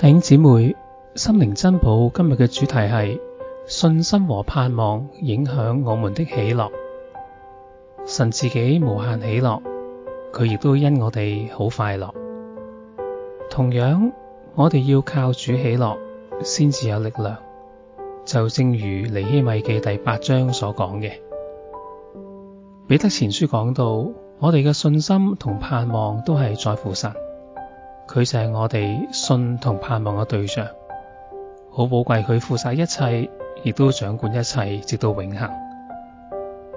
弟兄姊妹，心靈珍寶今日嘅主題係信心和盼望影響我們的喜樂。神自己無限喜樂，佢亦都因我哋好快樂。同樣，我哋要靠主喜樂先至有力量。就正如尼希米記第八章所講嘅，彼得前書講到，我哋嘅信心同盼望都係在乎神。佢就係我哋信同盼望嘅對象，好寶貴。佢負晒一切，亦都掌管一切，直到永恒。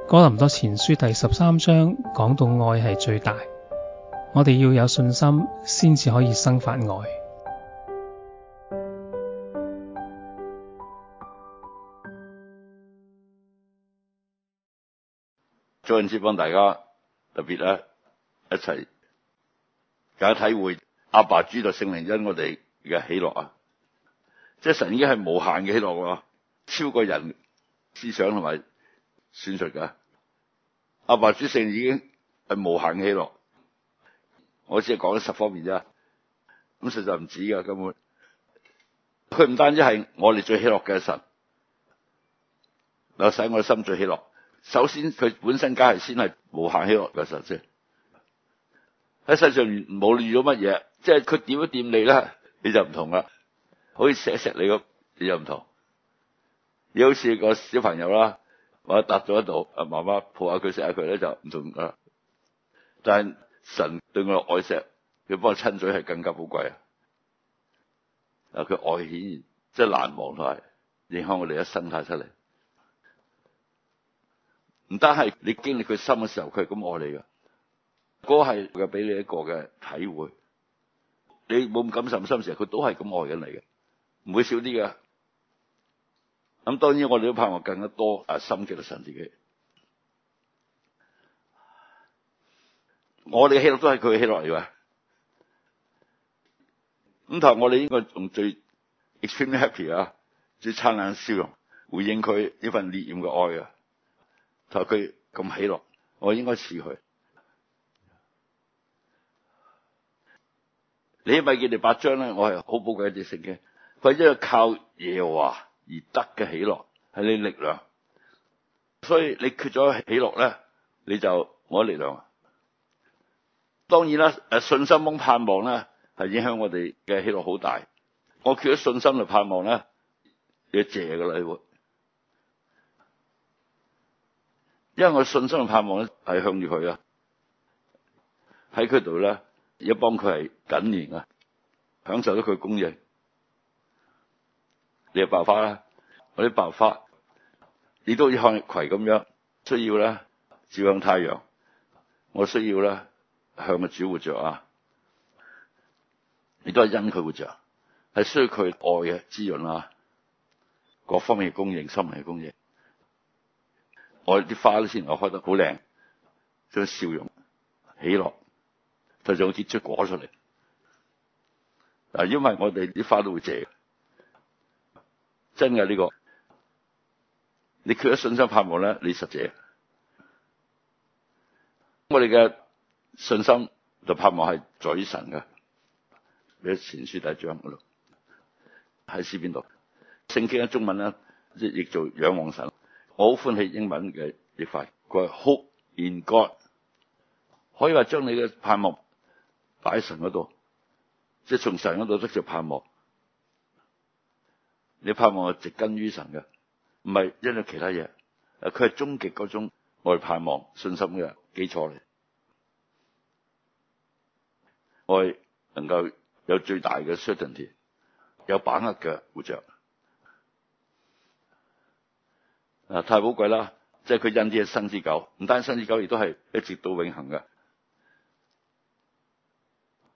哥林多前書第十三章講到愛係最大，我哋要有信心先至可以生發愛。再次幫大家特別咧一齊，大家體會。阿爸主就聖靈，因我哋嘅喜樂啊！即係神已經係無限嘅喜樂啊，超過人思想同埋宣述嘅。阿爸主聖已經係無限嘅喜樂，我只係講咗十方面啫。咁實在唔止噶，根本佢唔單止係我哋最喜樂嘅神，嗱使我的心最喜樂。首先佢本身梗係先係無限喜樂嘅神先。喺身上冇遇到乜嘢，即係佢掂一掂你咧，你就唔同啦，好似錫一錫你咁，你就唔同。你好似個小朋友啦，或者搭咗喺度，阿媽媽抱下佢錫下佢咧，就唔同啦。但係神對我愛錫，佢幫我親嘴係更加寶貴啊！啊，佢愛顯然即係難忘同係影響我哋一生態出嚟。唔單係你經歷佢心嘅時候，佢係咁愛你㗎。嗰個係嘅俾你一個嘅體會，你冇咁感受心深時，佢都係咁愛緊你嘅，唔會少啲嘅。咁當然我哋都盼望更加多啊，深嘅嚟神自己，我哋嘅喜樂都係佢嘅喜樂嚟話。咁但係我哋應該用最 extreme happy 啊，最燦爛笑容回應佢呢份烈焰嘅愛啊。佢咁喜樂，我應該似佢。你米記八章咧，我係好寶貴一啲聖經嘅。佢因為靠耶和華而得嘅喜樂，係你力量。所以你缺咗喜樂咧，你就冇力量。當然啦，誒信心同盼望咧，係影響我哋嘅喜樂好大。我缺咗信心同盼望咧，要謝噶啦你會，因為我的信心同盼望咧係向住佢啊，喺佢度咧。一幫幫佢係緊連啊，享受咗佢嘅供應，你白花啦，我啲白花，你都好似向日葵咁樣需要啦，照向太陽，我需要啦，向嘅主活着啊，你都係因佢活着，係需要佢愛嘅滋潤啊，各方面嘅供應，心靈嘅供應，我啲花都先我開得好靚，將笑容喜樂就仲有結出果出嚟，嗱，因為我哋啲花都會謝，真嘅呢、呢個你缺咗信心盼望咧，你實謝。我哋嘅信心同盼望係在於神嘅，喺《前書》第一章嗰度喺書邊度？聖經嘅中文咧，即係譯做仰望神。我好歡喜英文嘅譯法，佢係 Hope in God，可以話將你嘅盼望。擺喺神嗰度，即係從神嗰度得着盼望。你盼望係植根於神嘅，唔係因為其他嘢。誒，佢係終極嗰種愛盼望、信心嘅基礎嚟，愛能夠有最大嘅 certainty，有把握嘅活着。太寶貴啦！即係佢因啲嘢生之久，唔單生之久，亦都係一直到永恒嘅。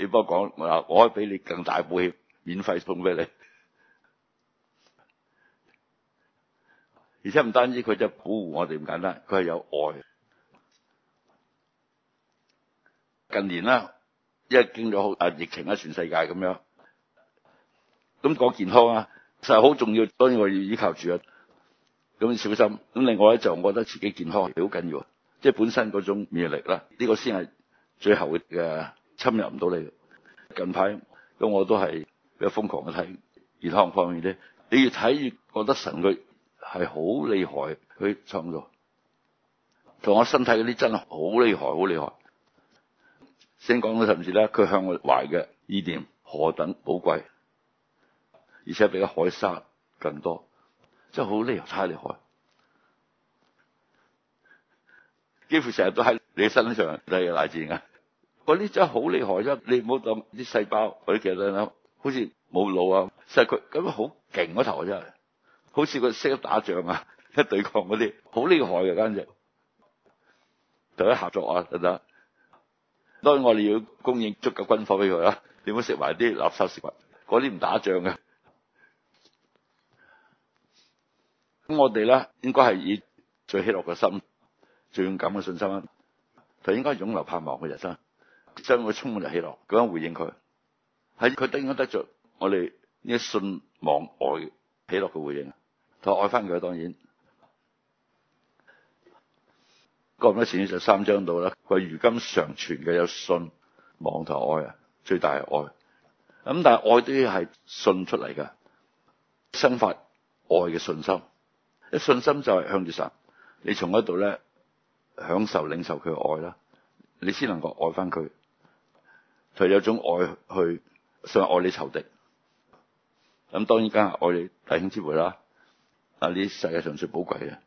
你幫我講嗱，我可以俾你更大保險，免費送俾你。而且唔單止佢就係保護我哋咁簡單，佢係有愛的。近年啦，因為經歷好啊疫情啊，全世界咁樣咁講、那個、健康啊，實係好重要。當然我要依靠住啊，咁小心。咁另外咧，就我覺得自己健康好緊要，即、就、係、是、本身嗰種免疫力啦，呢、這個先係最後嘅。侵入唔到你嘅。近排咁我都係比較瘋狂嘅睇健康方面咧，你越睇越覺得神佢係好厲害，佢創造同我身體嗰啲真係好厲害，好厲害。先講到甚至咧，佢向我懷嘅意念何等寶貴，而且比海沙更多，真係好厲害，太厲害。幾乎成日都喺你身上都有大字噶。你嗰啲真係好厲害啫！你唔好當啲細胞嗰啲嘅咧，好似冇腦啊。實佢咁樣好勁嗰頭真係，好似個識得打仗啊，一對抗嗰啲好厲害嘅簡直，同一合作啊就得。當然我哋要供應足夠軍火俾佢啦。你唔好食埋啲垃圾食物，嗰啲唔打仗嘅。咁我哋咧應該係以最喜樂嘅心，最勇敢嘅信心，就應該永留盼望嘅人生。真會充滿着喜樂，咁樣回應佢，喺佢得應該得着我哋呢啲信望愛喜樂嘅回應，佢愛翻佢當然。講咗前面就三章到啦，佢如今常存嘅有信望愛，最大係愛。咁但係愛都要係信出嚟噶，生發愛嘅信心，一信心就係向住神，你從嗰度咧享受領受佢嘅愛啦，你先能夠愛翻佢。佢有一種愛去，想愛你仇敵。咁當然梗係愛你弟兄姊妹啦。啊，呢世界上最寶貴嘅，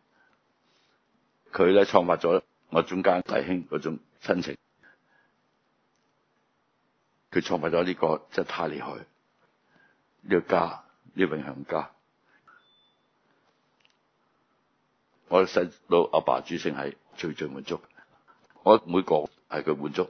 佢咧創發咗我中間弟兄嗰種親情。佢創發咗呢個，真係太厲害。呢、這個家，呢、這個永恒家，我細到阿爸主聖係最最滿足。我每個係佢滿足。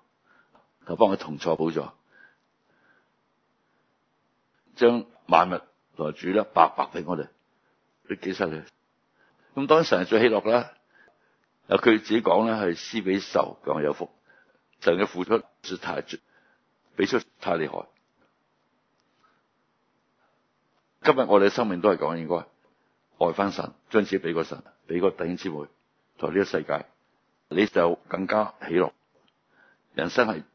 幫佢同坐，幫助將萬物來主咧白白俾我哋，你幾犀利？咁當成日最喜樂啦。啊，佢自己講咧係施比受更有福，神嘅付出太俾出太厲害。今日我哋嘅生命都係講應該愛翻神，將自己俾個神，俾個弟兄姊妹，同呢個世界，你就更加喜樂。人生係。